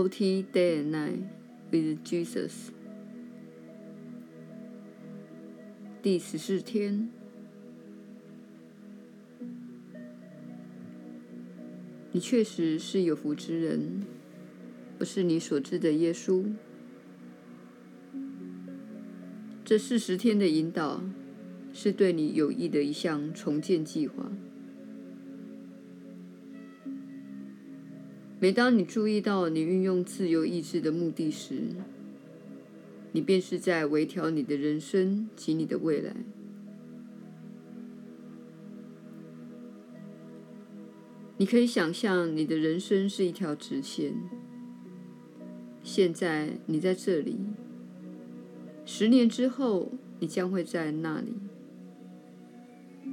Forty Day and Night with Jesus。第十四天，你確實是有福之人，我是你所知的耶穌。這四十天的引導是對你有益的一項重建計劃。每當你注意到你運用自由意志的目的時，你便是在微調你的人生及你的未來。你可以想象你的人生是一條直線。現在你在這裡，十年之後你將會在那裡。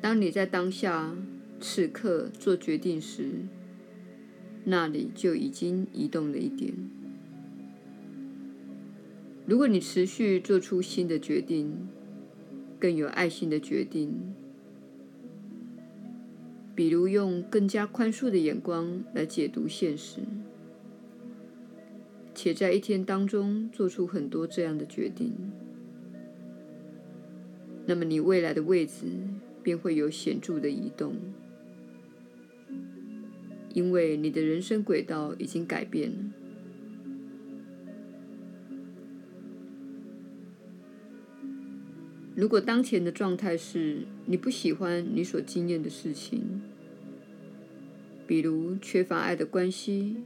當你在當下，此刻做決定時，那裡就已經移動了一點。如果你持續做出新的決定，更有愛心的決定，比如用更加寬恕的眼光來解讀現實，且在一天當中做出很多這樣的決定，那麼你未來的位置便會有顯著的移動。因為你的人生軌道已經改變了。如果當前的狀態是你不喜歡你所經驗的事情，比如缺乏愛的關係，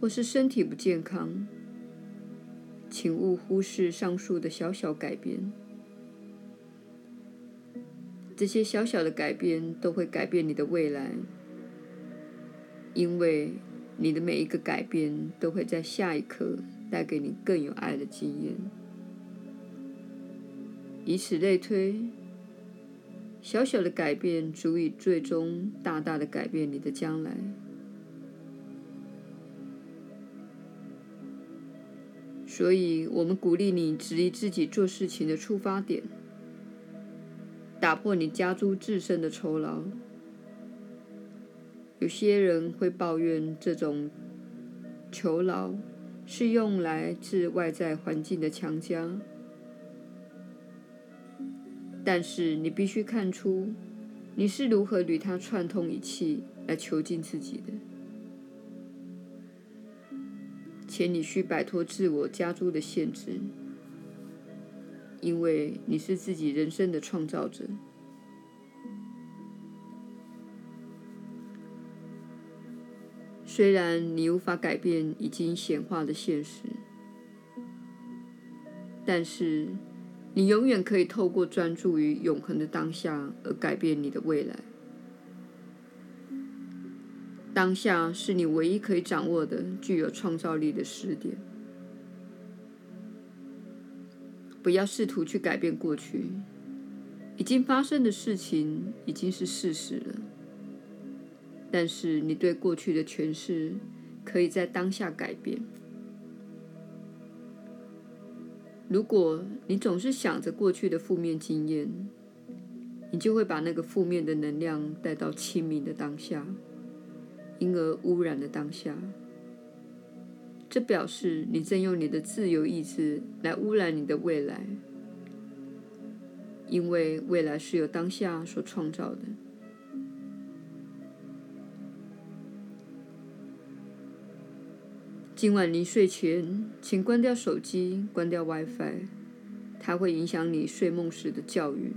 或是身體不健康，請勿忽視上述的小小改變。這些小小的改變都會改變你的未來。因為你的每一個改變，都會在下一刻帶給你更有愛的經驗，以此類推，小小的改變足以最終大大地改變你的將來。所以，我們鼓勵你質疑自己做事情的出發點，打破你加諸自身的囚牢。有些人會抱怨這種囚牢是用來自外在環境的強加，但是你必須看出你是如何與它串通一氣來囚禁自己的，且你需擺脫自我加諸的限制，因為你是自己人生的創造者。雖然你無法改變已經顯化的現實，但是你永遠可以透過專注於永恆的當下而改變你的未來。當下是你唯一可以掌握的、具有創造力的時點。不要試圖去改變過去，已經發生的事情已經是事實了。但是，你對過去的詮釋可以在當下改變。如果你總是想着過去的負面經驗，你就會把那個負面的能量帶到清明的當下，因而污染了當下。這表示你正用你的自由意志來污染你的未來，因為未來是由當下所創造的。今晚臨睡前，請關掉手機，關掉 WiFi，它會影響你睡夢時的教育。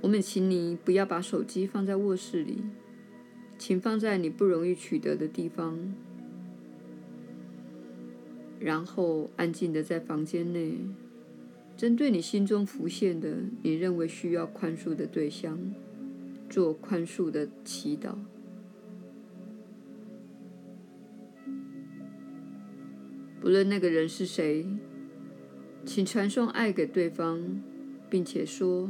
我們請你不要把手機放在臥室裡，請放在你不容易取得的地方。然後安靜地在房間內，針對你心中浮現的你認為需要寬恕的對象，做寬恕的祈禱。不論那個人是誰，請傳送愛給對方，並且說：“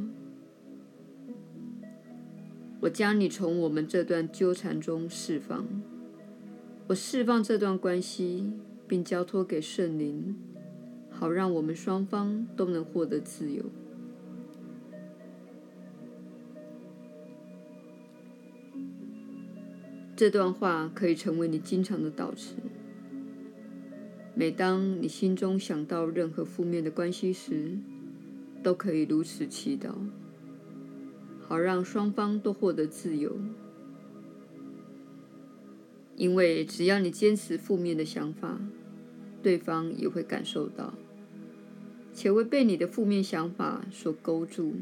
我將你從我們這段糾纏中釋放，我釋放這段關係，並交託給聖靈，好讓我們雙方都能獲得自由。”這段話可以成為你經常的禱詞。每當你心中想到任何負面的關係時，都可以如此祈禱，好讓雙方都獲得自由。因為只要你堅持負面的想法，對方也會感受到，且會被你的負面想法所勾住，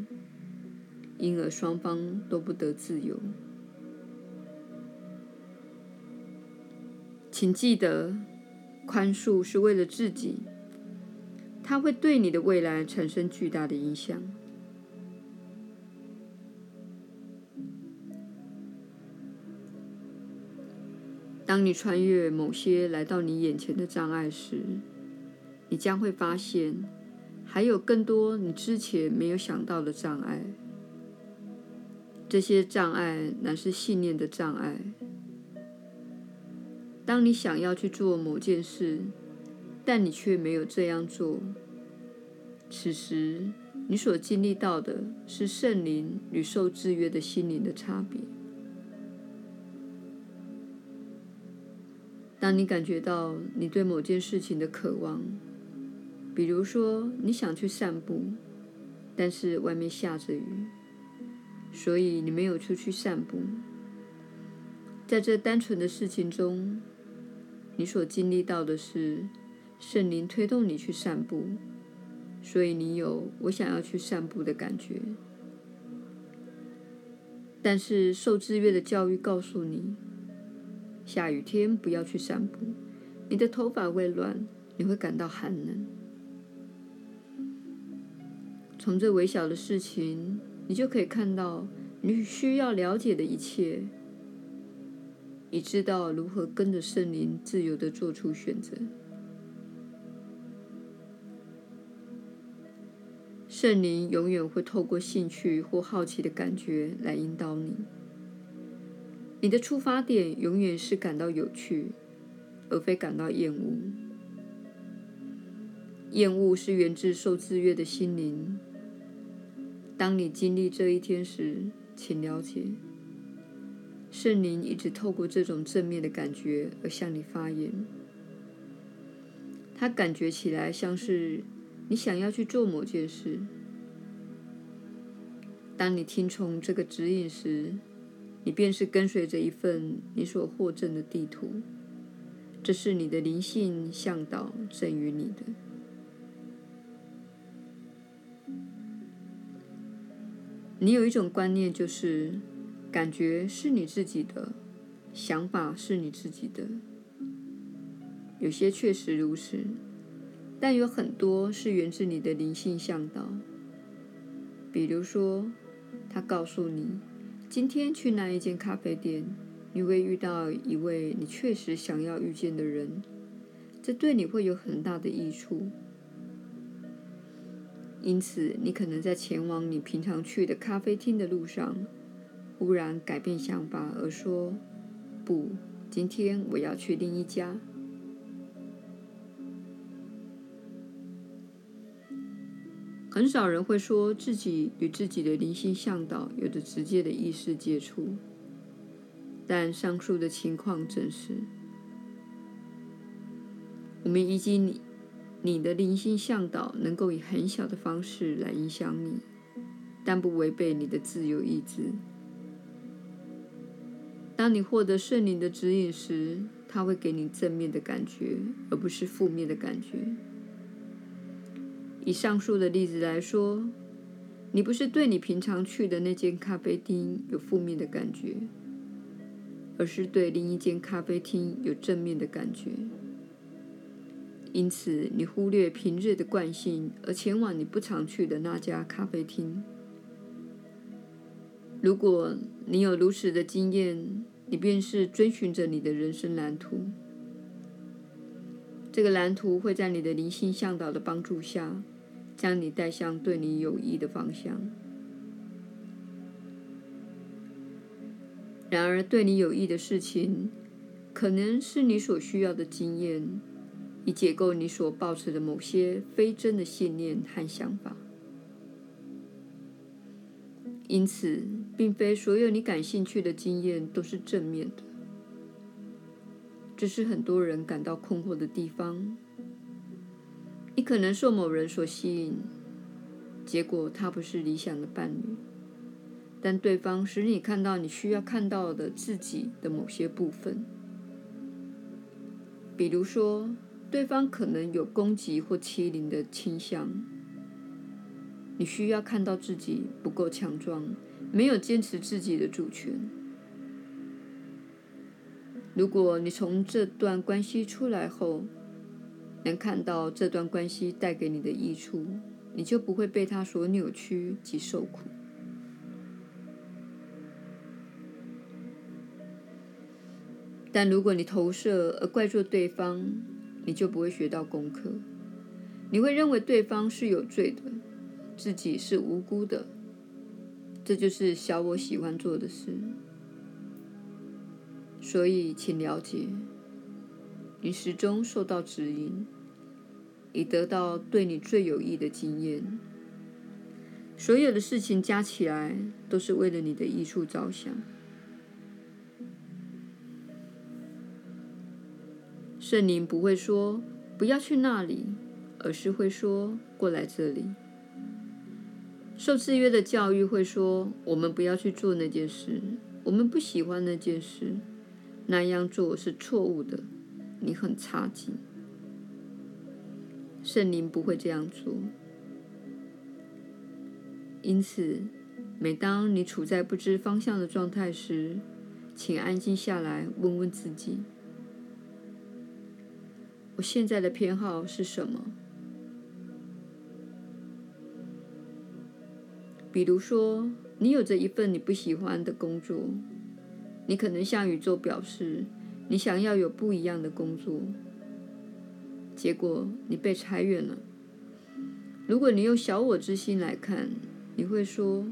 因而雙方都不得自由。請記得，寬恕是為了自己，它會對你的未來產生巨大的影響。當你穿越某些來到你眼前的障礙時，你將會發現，還有更多你之前沒有想到的障礙。這些障礙乃是信念的障礙。當你想要去做某件事，但你卻沒有這樣做，此時你所經歷到的是聖靈與受制約的心靈的差別。當你感覺到你對某件事情的渴望，比如說你想去散步，但是外面下着雨，所以你沒有出去散步，在這單純的事情中，你所經歷到的是，聖靈推動你去散步，所以你有我想要去散步的感覺。但是受制約的教育告訴你，下雨天不要去散步，你的頭髮會亂，你會感到寒冷。從最微小的事情，你就可以看到你需要了解的一切。你知道如何跟着聖靈自由地做出選擇。聖靈永遠會透過興趣或好奇的感覺來引導你。你的出發點永遠是感到有趣，而非感到厭惡。厭惡是源自受制約的心靈。當你經歷這一天時，請了解。聖靈一直透過這種正面的感覺而向你發言。它感覺起來像是你想要去做某件事。當你聽從這個指引時，你便是跟隨着一份你所獲贈的地圖。這是你的靈性向導贈予你的。你有一種觀念就是。感覺是你自己的，想法是你自己的。有些確實如此，但有很多是源自你的靈性嚮導。比如說，他告訴你，今天去那一間咖啡店，你會遇到一位你確實想要遇見的人，這對你會有很大的益處。因此，你可能在前往你平常去的咖啡廳的路上。忽然改變想法而說：“不，今天我要去另一家。”很少人會說自己與自己的靈性嚮導有着直接的意識接觸，但上述的情況正是，我們以及你你的靈性嚮導能夠以很小的方式來影響你，但不違背你的自由意志。當你獲得聖靈的指引時，它會給你正面的感覺，而不是負面的感覺。以上述的例子來說，你不是對你平常去的那間咖啡廳有負面的感覺，而是對另一間咖啡廳有正面的感覺。因此，你忽略平日的慣性，而前往你不常去的那家咖啡廳。如果你有如此的經驗，你便是遵循着你的人生藍圖。這個藍圖會在你的靈性嚮導的幫助下，將你帶向對你有益的方向。然而，對你有益的事情，可能是你所需要的經驗，以解構你所抱持的某些非真的信念和想法。因此，並非所有你感興趣的經驗都是正面的，這是很多人感到困惑的地方。你可能受某人所吸引，結果他不是理想的伴侶，但對方使你看到你需要看到的自己的某些部分。比如說，對方可能有攻擊或欺凌的傾向，你需要看到自己不夠強壯。沒有堅持自己的主權。如果你從這段關係出來後，能看到這段關係帶給你的益處，你就不會被它所扭曲及受苦。但如果你投射而怪罪對方，你就不會學到功課。你會認為對方是有罪的，自己是無辜的。這就是小我喜歡做的事，所以請了解，你始終受到指引，以得到對你最有益的經驗。所有的事情加起來都是為了你的益處着想。聖靈不會說不要去那裡，而是會說過來這裡。受制約的教育會說：“我們不要去做那件事，我們不喜歡那件事，那樣做是錯誤的，你很差勁。”聖靈不會這樣做。因此，每當你處在不知方向的狀態時，請安靜下來，問問自己：“我現在的偏好是什麼？”比如說，你有着一份你不喜歡的工作，你可能向宇宙表示你想要有不一樣的工作，結果你被裁員了。如果你用小我之心來看，你會說，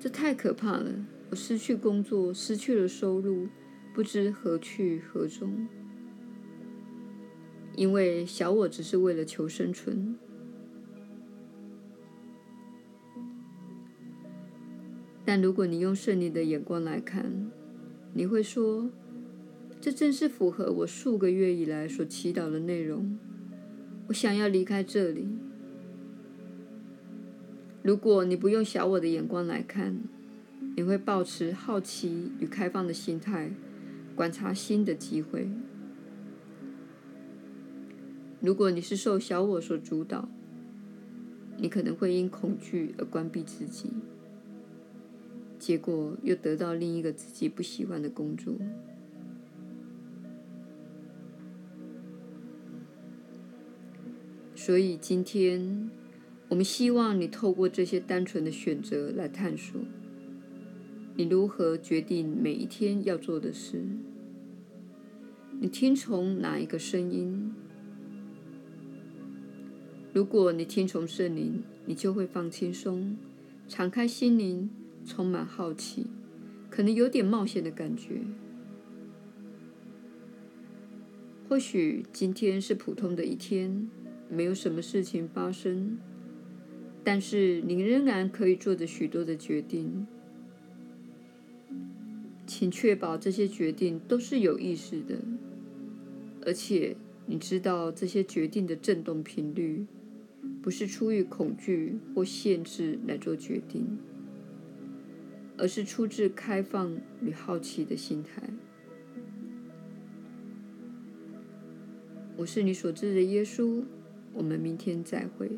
這太可怕了，我失去工作，失去了收入，不知何去何從。因為小我只是為了求生存。但如果你用聖靈的眼光來看，你會說，這正是符合我數個月以來所祈禱的內容。我想要離開這裡。如果你不用小我的眼光來看，你會保持好奇與開放的心態，觀察新的機會。如果你是受小我所主導，你可能會因恐懼而關閉自己。結果又得到另一個自己不喜歡的工作。所以今天，我們希望你透過這些單純的選擇來探索，你如何決定每一天要做的事，你聽從哪一個聲音？如果你聽從聖靈，你就會放輕鬆，敞開心靈。充滿好奇，可能有點冒險的感覺。或許今天是普通的一天，沒有什麼事情發生，但是您仍然可以做着許多的決定。請確保這些決定都是有意識的，而且你知道這些決定的振動頻率，不是出於恐懼或限制來做決定。而是出自開放與好奇的心態。我是你所知的耶穌，我們明天再會。